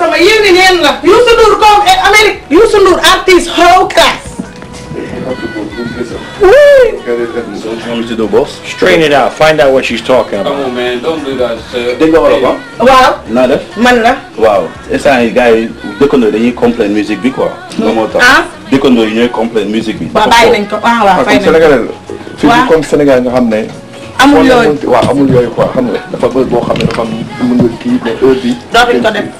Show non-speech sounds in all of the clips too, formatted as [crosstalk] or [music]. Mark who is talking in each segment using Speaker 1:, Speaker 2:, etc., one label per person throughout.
Speaker 1: sama yéene neen la Youssou Ndour comme Amérique Youssou Ndour artiste how class.
Speaker 2: Straighten it out. Find out what she's talking about. Come on, man. Don't do that. dégg nga wolof ah. waaw. naa def man la. waaw
Speaker 3: instant yii gars yi dëkkandoo dañuy complain musique bi quoi. Hmm. loolu moo tax ah? dëkkandoo yi ñooy complain
Speaker 4: musique bi. waaw bàyyi nañ ko ah waaw fay nañ ko fii bi comme Sénégal nga xam ne. amul yooyu waaw amul yooyu quoi xam nga dafa bës boo xam ne dafa mën nga kii mais heure bi. dootuñ ko def.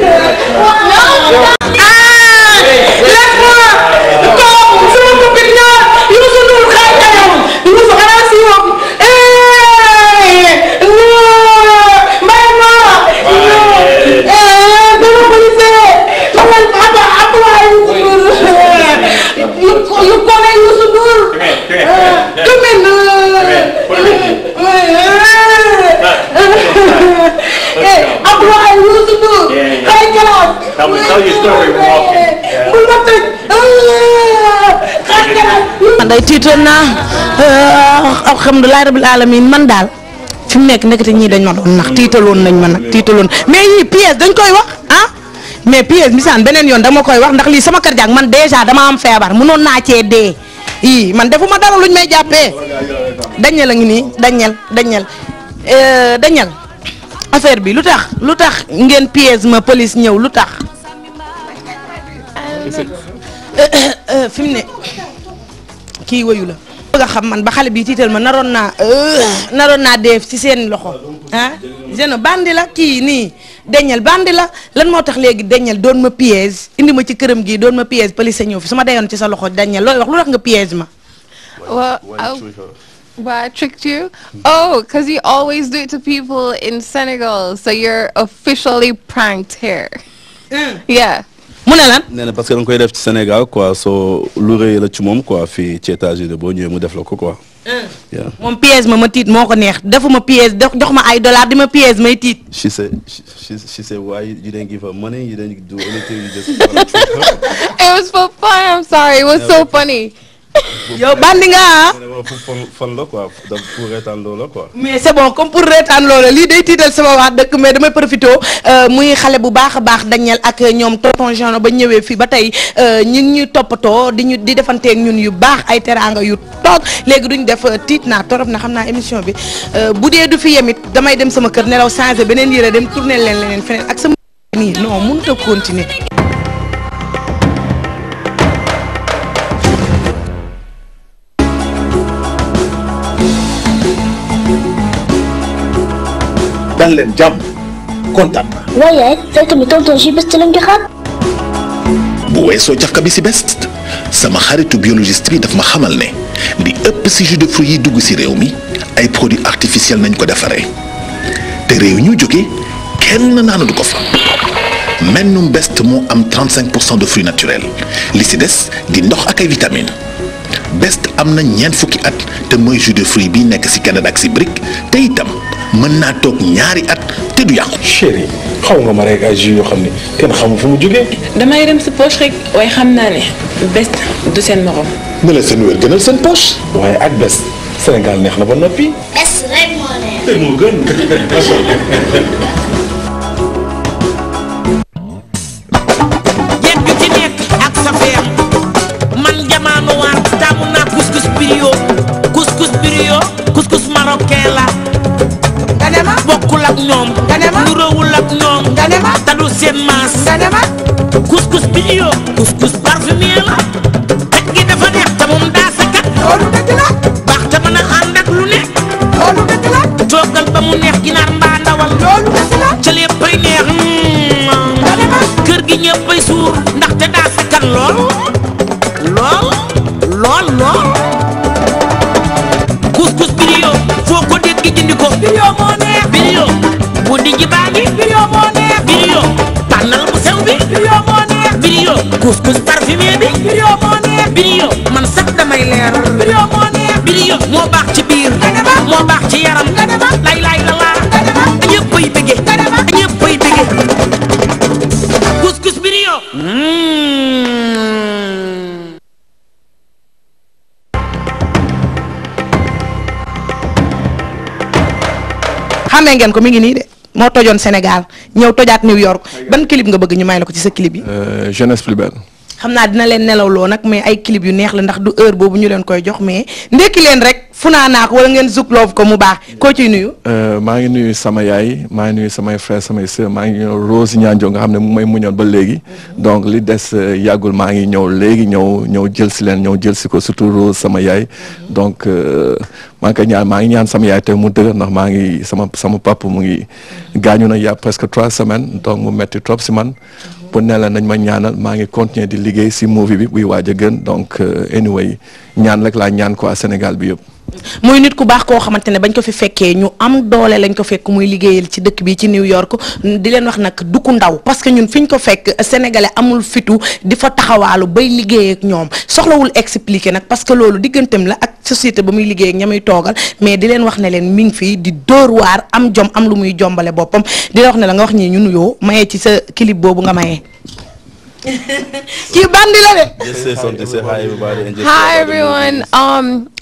Speaker 2: no, no. Ah!
Speaker 1: tiitoon naa euh, alhamdulilah rabil alamin man daal fi mu nekk nekkati ñii dañ ma doon nax tiitaloon nañ ma nag tiitaloon mais yii pièce dañ koy wax ah mais pièce misaan beneen yoon dama koy wax ndax lii sama kër jaag man dèjà dama am feebar mënoon naa cee dee ii man defuma dara luñ may jàppee. dañel a ngi nii dañel dañel euh, dañel affaire bi lu tax lu tax ngeen pièce ma police ñëw lu tax. Euh, fi ne. kii wayu la a xam man ba xale bii tiital ma naroon naa euh, naroon naa def ci seen loxo ah jeune bandi la kii nii deñal bandi la lan moo tax léegi deñal doon ma piège indi ma ci këram gii doon ma piège police ñëw fi su ma deyoon ci sa loxo deñal looy wax lu tax nga ma
Speaker 2: Why oh, I tricked you? Oh, because you
Speaker 1: always do it to people in Senegal, so you're officially pranked here.
Speaker 3: Yeah. mu ne lan nee na parce que da nga koy def ci Sénégal quoi soo lu rëy la ci moom quoi fii ci États-Unis boo ñëwee mu def la ko quoi.
Speaker 1: moom piège ma ma tiit moo ko neex defuma piège def jox ma ay dollars di ma piège may tiit.
Speaker 3: she say she she say why you didn't give her money you didn't do anything you just. [laughs] it was for yow bandi nga ah. fan la quoi donc pour reetaan loola quoi.
Speaker 1: mais c'est bon comme pour reetaan loola lii day tiital sama wax dëkk mais damay profito euh, muy xale bu baax a baax dañeel ak ñoom tonton Jean ba ñëwee fii ba tey euh, ñun ñuy toppatoo di ñu di defanteek ñun yu baax ay teraanga yu toog léegi duñ def euh, tiit naa torop na xam naa émission bi bu dee du fi yemit damay dem sama kër nelaw changé beneen yére dem tourné leen leneen feneen ak sama nii non mënut a continuer.
Speaker 5: dal leen jàmm kontaan na.
Speaker 1: waaye fekk mi tonton si bés
Speaker 5: bu weesoo jafka bi si bés sama xaritu biologiste bi daf ma xamal ne li ëpp si jus de fruits yi dugg si réew mi ay produit artificiels nañ ko defaree te réew ñu jóge kenn du ko fa. Mennum Best moo am 35 pour cent de fruits naturels li si des di ndox ak ay vitamines Best am na ñeent fukki at te mooy jus de fruits bi nekk si Canada ak si brique te mën naa toog ñaari at te du yàqu. chéri xaw nga ma rek ay jus yoo xam ne
Speaker 4: kenn xamul fu mu jógee.
Speaker 1: damay dem si poche rek xam naa ne best du seen morom.
Speaker 5: ne la seen wér gënal seen poche. waaye ak best Sénégal neex la ba noppi.
Speaker 2: best rek moo
Speaker 5: neex. te moo [laughs]
Speaker 1: brio couscous parfumé bi moo neex brio man sax damay leer brio moo neex brio moo baax ci biir moo baax ci yaram lay lay la laa ñëppay bëgge ñëppay bëgge couscous ngeen ko mi ngi nii moo tojoon Sénégal ñëw tojaat New York ban clip nga bëgg ñu may la ko ci sa clip yi. Euh, jeunesse plus belle. xam naa dina leen nelawloo nag mais ay clip yu neex la ndax du heure boobu ñu leen koy jox mais ndekki leen rek fu naa naa ko wala ngeen zukloof ko mu baax koo ciy nuyu
Speaker 4: euh, maa ngi nuyu sama yaay maa ngi nuyu samay frère samay sœur maa ngi ñëw Rose Ñaanjo nga xam ne mu may ba léegi donc li des euh, yàggul maa ngi ñëw léegi ñëw ñëw jël si leen ñëw jël si ko surtout sama yaay donc euh, maa ngi koy ñaan maa ngi ñaan sama yaay te mu dëgër ndax maa ngi sama sama papa mu ngi gaañu na y'a presque trois semaines donc mu metti trop si man pour ne la nañ ma ñaanal maa ngi continuer di liggéey si movie bi buy waaj a gën donc euh, anyway ñaan rek laa ñaan quoi Sénégal bi yëpp.
Speaker 1: muy nit ku baax koo xamante ne bañ ko fi fekkee ñu am doole lañ ko fekk muy liggéeyal ci dëkk bi ci New York di leen wax nag du ku ndaw parce ñun fi ñu ko fekk sénégalais amul fitu di fa taxawaalu bay liggéey ñoom soxlawul expliquer nag parce que loolu digganteem la ak société ba muy liggéey ak ña muy toogal mais di leen wax ne leen mi ngi fii di dóor waar am jom am lu muy jombale boppam di la wax ne la nga wax ñii ñu nuyoo mayee ci sa clip boobu nga mayee. [laughs] kii bandi
Speaker 3: la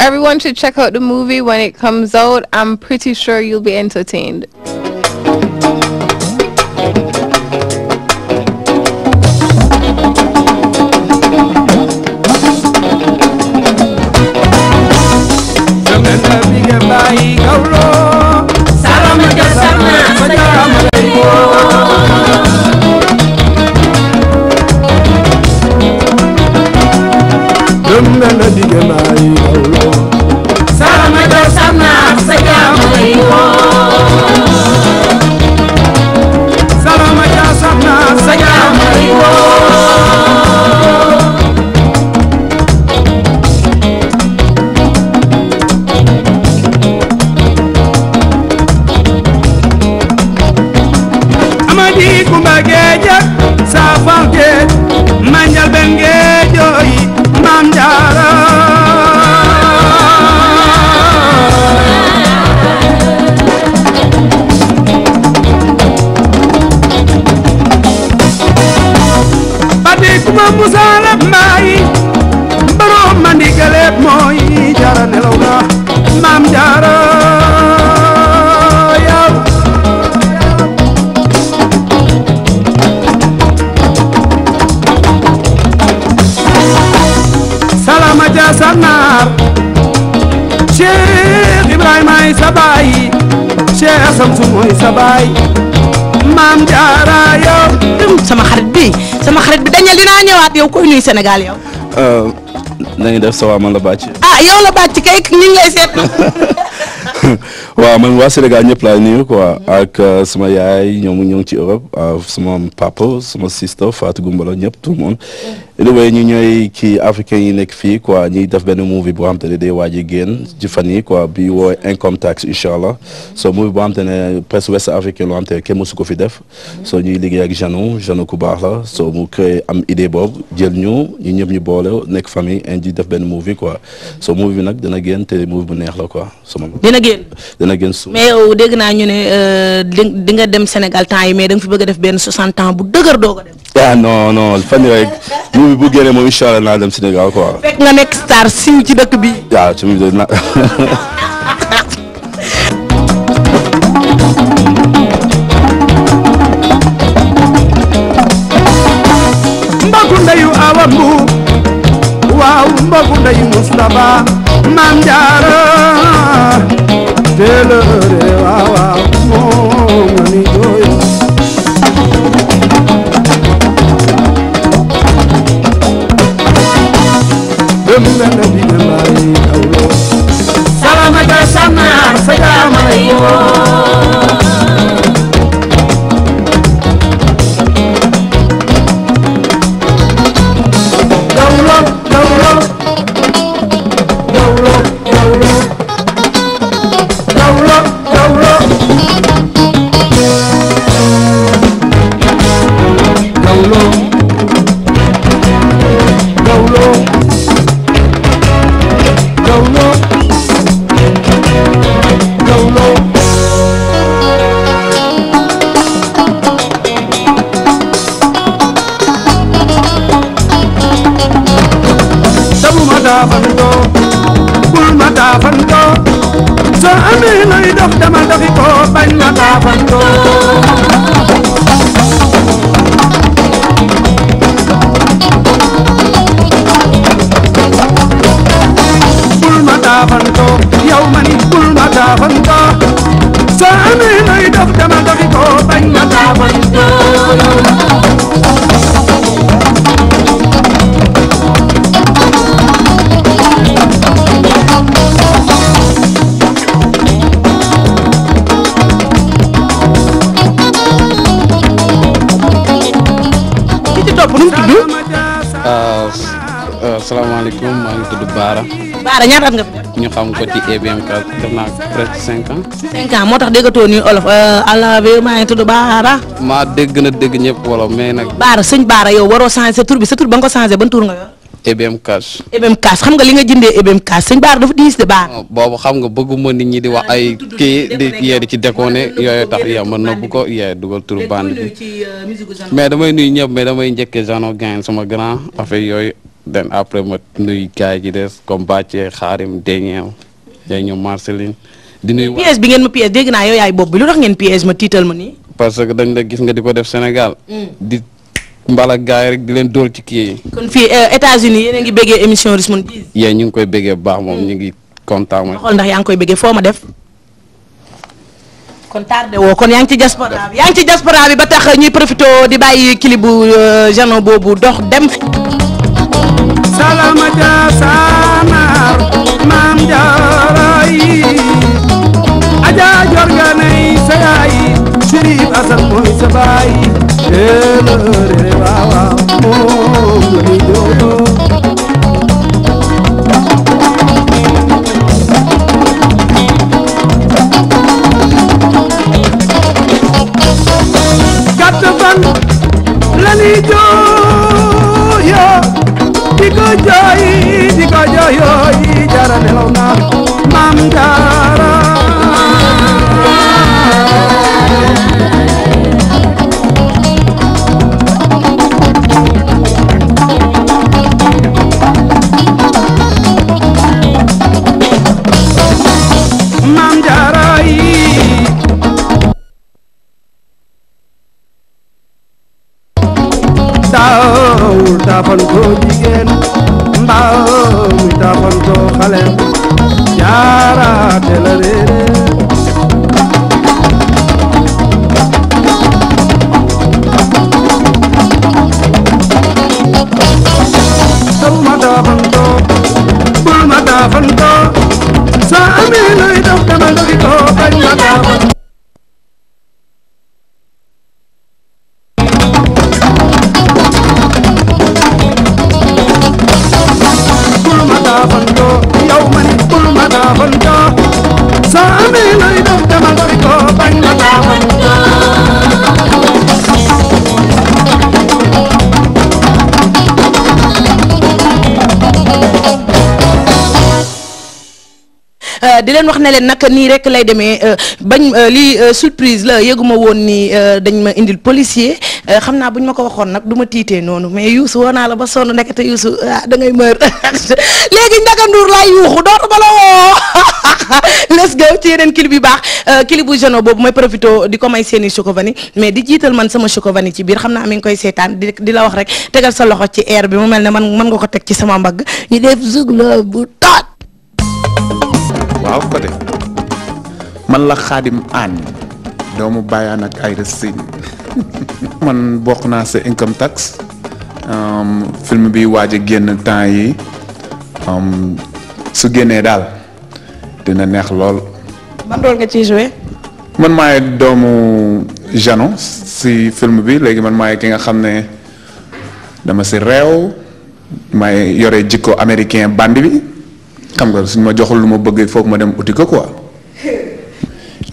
Speaker 1: Everyone should check out the movie when it comes out. I'm pretty sure you'll be entertained.
Speaker 2: baay may sa baay Cheikh mooy sa baay maam jaara yow sama
Speaker 1: xarit bi sama xarit bi dañal dinaa ñëwaat yow koy yow
Speaker 3: euh, nañu def sa waa man la bàcc
Speaker 1: ah, yow la bàcc kay ñu ngi lay seet [laughs]
Speaker 3: waaw waa senegal ñëpp laay nuyu quoi euh, sama yaay ñoom ñoo ngi ci Europe euh, sama papa sama sister Fatou Gumbalo ñëpp tout le monde anyway ñu ñooy kii africain yi nekk fii quoi ñuy def benn movie boo xam te ne day waaj a génn ci fan yi bi wooy income tax incha allah so movie boo xam te ne presse ouest africaine loo xam te ne kenn ko fi def so ñuy liggéey ak Janou Janou ku baax la so mu créé am idée boobu jël ñu ñu ñëpp ñu boole nekk famille ji def benn movie quoi so movie nag dana génn te movie bu neex la quoi sama dina génn dana génn su
Speaker 1: mais yow dégg naa ñu ne euh, di nga dem Sénégal temps yi mais da nga fi bëgg def benn 60 ans bu doo
Speaker 3: ah non non fan yii rek [laughs] movie bu génnee moom incha allah naa dem Sénégal quoi.
Speaker 1: fekk nga nekk star
Speaker 3: siiw ci dëkk bi. waaw ci movie na. [laughs]
Speaker 2: mbagu ndeyu Awa Mbuub waaw mbagu ndeyu Mustapha maam Jaara téléere waaw waaw dëgg la
Speaker 1: nu mu
Speaker 5: tudd. asalaamaaleykum euh, euh, maa ngi tudd Baara. Baara ñaata nga ñu xam ko ci EBM kàddu def naa presque cinq ans.
Speaker 1: cinq ans moo tax déggatoo ni olof euh, allah bi maa ngi tudd Baara.
Speaker 5: maa dégg na dégg ñëpp wolof mais nag.
Speaker 1: Baara sëñ Baara yow waroo changé sa tur bi sa tur ba changé ban tur nga yor.
Speaker 5: EBM cash.
Speaker 1: EBM cash xam nga li nga jëndee EBM cash sëñ Baara dafa diis de Baara.
Speaker 5: boobu xam nga bëgguma nit ñi di wax ay kii di di ci déconné yooyu tax yaa mën na bu ko yee dugal turu bande bi euh, mais damay nuyu ñëpp mais damay njëkkee Jeannot Gaye sama grand affaire yooyu den après ma nuyu gars yi des comme Bacce Xaarim Deñeew Deñeew Marceline. di nuyu pièce
Speaker 1: bi ngeen ma pièce dégg naa yow yaay bopp bi lu tax ngeen pièce ma tiital ma nii.
Speaker 5: parce que dañ la gis nga di ko def Sénégal. Mm. di mbala gaay rek di leen dóor ci kii yi.
Speaker 1: kon eh, États-Unis yéen ngi bëggee émission Rich Mon
Speaker 5: ñu ngi koy bëggee baax moom hmm. ñu ngi kontaan ma.
Speaker 1: xool yaa ngi koy bëggee foo ma def. kon tardé woo kon yaa ngi ci diaspora bi yaa ngi ci diaspora bi ba tax ñuy profité di bàyyi clip euh, jano boobu dox dem.
Speaker 2: Salama ja Sanar maam jaara yi Aja Jorga nay sa mooy sa baay. yéen a réer waaw
Speaker 1: ne leen nag nii rek lay demee euh, bañ euh, li euh, surprise la yëguma woon ni dañ ma indil policier xam naa buñ ma ko waxoon nag du ma tiitee noonu mais Youssou woo naa la ba sonn nekkate Youssou ah da ngay mër [laughs] léegi Ndaka Ndour laay yuuxu dootu ma la woo [laughs] let's go ci yeneen clip yu baax clip bu jeune boobu may profité di ko may seeni Chocovani mais di jiital man sama Chocovani ci biir xam naa mi ngi koy seetaan di di la wax rek tegal sa loxo ci air bi mu mel ne man mën ko teg ci sama mbagg
Speaker 5: waaw côté man la xaadim aan doomu bàyyaan ak ay rësin [laughs] man bokk naa sa income tax um, film bi waaj a génn temps yi um, su génnee daal dina neex lool.
Speaker 1: man rôle nga ciy joué.
Speaker 5: man maay doomu Jano si film bi léegi man maay ki nga xam ne dama si réew may yore jikko américain band bi. xam nga suñ ma joxul lu ma bëgg foog ma dem uti ko quoi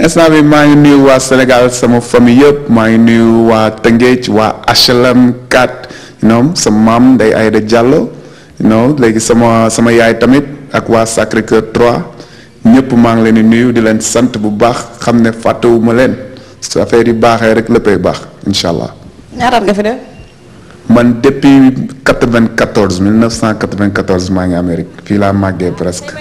Speaker 5: instant bi maa ngi nuyu waa Sénégal sama famille yëpp maa ngi nuyu waa Tëngéej waa HLM kat ñoom sa maam Ndeye Aïda jàll non léegi sama sama yaay tamit ak waa Sacré Cœur 3 ñëpp maa ngi leen di nuyu di leen sant bu baax xam ne fàttewuma leen su affaire yi baaxee rek léppay baax incha allah. man depuis 94 1994 maa ngi Amérique fii laa màggee presque.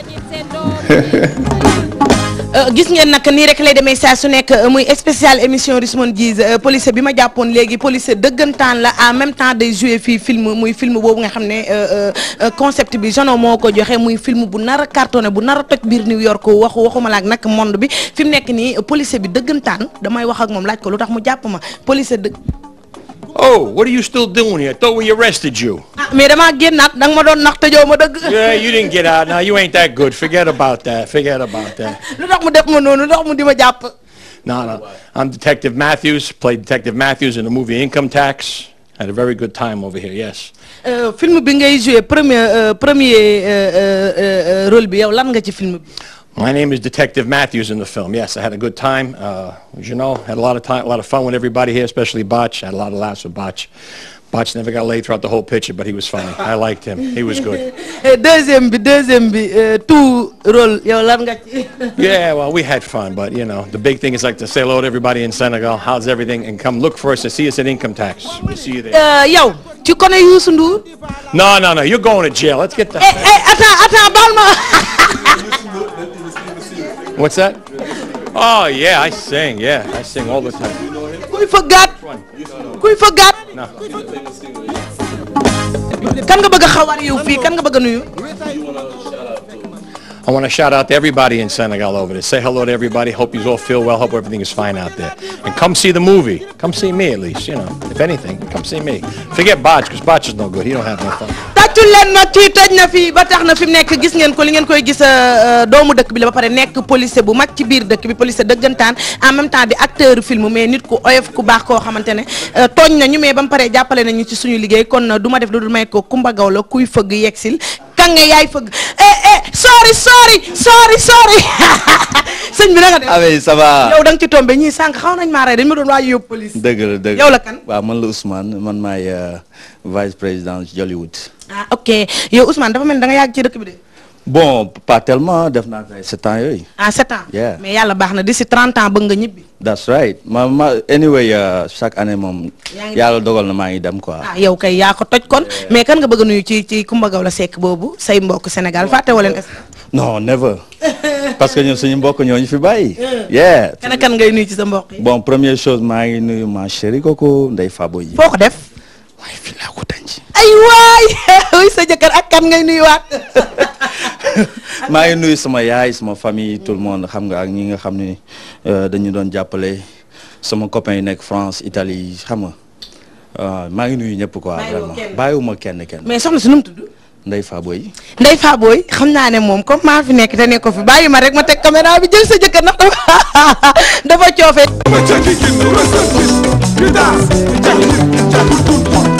Speaker 1: Euh, gis ngeen nag nii rek lay demee saa su nekk euh, muy spécial émission Rich-mon Djizz euh, police bi ma jàppoon léegi police dëggantaan la en même temps day jouer fii film muy film boobu nga xam ne concept bi Jeannot moo ko joxe muy film bu nar a bu nara a toj biir New York waxu waxuma laak nag monde bi fi mu nekk nii police bi dëggantaan damay wax ak moom laaj ko lu tax mu jàpp ma police dëgg.
Speaker 2: oh what are you still doing here arrested you ah,
Speaker 1: mais damaa génnaat danga ma doon nax tëjoo ma dëgg yeah you didn't
Speaker 2: get out now you ain't that good forget about that forget about that
Speaker 1: [laughs] lu tax mu def ma noonu lu tax di ma jàpp
Speaker 2: no no I'm Detective Matthews played Detective Matthews in the movie Income Tax had a very good time over here yes
Speaker 1: euh, film bi ngay joué premier euh, premier euh, rôle bi yow lan nga ci film
Speaker 2: My name is Detective Matthews in the film. Yes, I had a good time. Uh, as you know, had a lot of time, a lot of fun with everybody here, especially Botch. I had a lot of laughs with Botch. Botch never got laid throughout the whole picture, but he was funny. I liked him. He was good.
Speaker 1: [laughs] Eh, deuxième bi deuxième bi eh, tout rôle yow lan nga ci.
Speaker 2: [laughs] Yeah, well, we had fun, but you know, the big thing is like to say hello to everybody in Senegal. How's everything? And come look for us to see us at Income Tax. We'll see you there. Eh, yow tu connais Youssou Ndour? No, no, no. You're going to jail. Let's get the. Hey, hey, attends, attends, baal [laughs] ma. What's that? Oh, yeah, I sing. Yeah, I sing all the time. kuy fëggaat. kuy fëggaat.
Speaker 1: kan nga bëgg a xawaar yow fii kan nga bëgg a nuyu.
Speaker 2: I want to shout out to everybody in Senegal over there. Say hello to everybody. Hope you all feel well. Hope everything is fine out there. And come see the movie. Come see me at least, you know. If anything, come see me. Forget Botch, because Botch is no good. He don't have no fun.
Speaker 1: moytul leen nag kii tëj na fii ba tax na fi mu nekk gis ngeen ko li ngeen koy gis euh, doomu dëkk bi la ba pare nekk policier bu mag ci biir dëkk bi policier dëggantaan en même temps di acteur film mais nit ku oyof ku baax koo xamante ne euh, tooñ na ñu mais ba mu pare jàppale nañu ci suñu liggéey kon du ma def lu dul may ko Kumba Gawlo kuy fëgg yegsil kange yaay fëgg eh eh sorry sorry sorry sorry [laughs] sëñ bi na nga def
Speaker 4: ah oui
Speaker 1: ci tombé ñii sànq xaw nañ maa rey dañ ma doon waaj yóbbu police
Speaker 4: dëgg la dëgg yow la kan waaw man la Ousmane man euh, président ci Jollywood
Speaker 1: ah ok yow Ousmane dafa mel ni da nga yàgg ci dëkk bi de.
Speaker 4: bon pas tellement def naa ay sept ans yooyu. ah sept ans. yeah mais
Speaker 1: yàlla baax na d'ici trente ans bëgg nga ñibbi.
Speaker 4: that's right ma ma anyway euh, chaque année moom. yàlla dogal na maa ngi dem quoi. ah
Speaker 1: yow kay yaa ko toj kon mais kan nga bëgg nuyu ci ci Coumba Gawlo Seck boobu say mbokk Sénégal fàtte woo leen. Euh,
Speaker 4: non never [laughs] parce que ñun suñu mbokk ñoo ñu fi bàyyi. [laughs] yeah kan kan ngay nuyu ci sa mbokk bon première chose maa ngi nuyu ma chérie kooku Ndeye Fabo yi. foo ko def.
Speaker 1: ay waay wuy sa jëkkër ak kan ngay nuyuwaat.
Speaker 4: maa ngi nuyu sama yaay sama famille tout le monde xam nga ak ñii nga xam ne dañu doon jàppale sama copain yi nekk France Italie xam nga maa ngi nuyu ñëpp quoi. vraiment ma kenn kenn. mais soxna si nu mu tudd. Ndeye Faboy.
Speaker 1: Ndeye Faboy xam naa ne moom comme maa fi nekk te ne ko fi bàyyi ma rek ma teg caméra bi jël sa jëkkër ndax dafa
Speaker 5: coofee.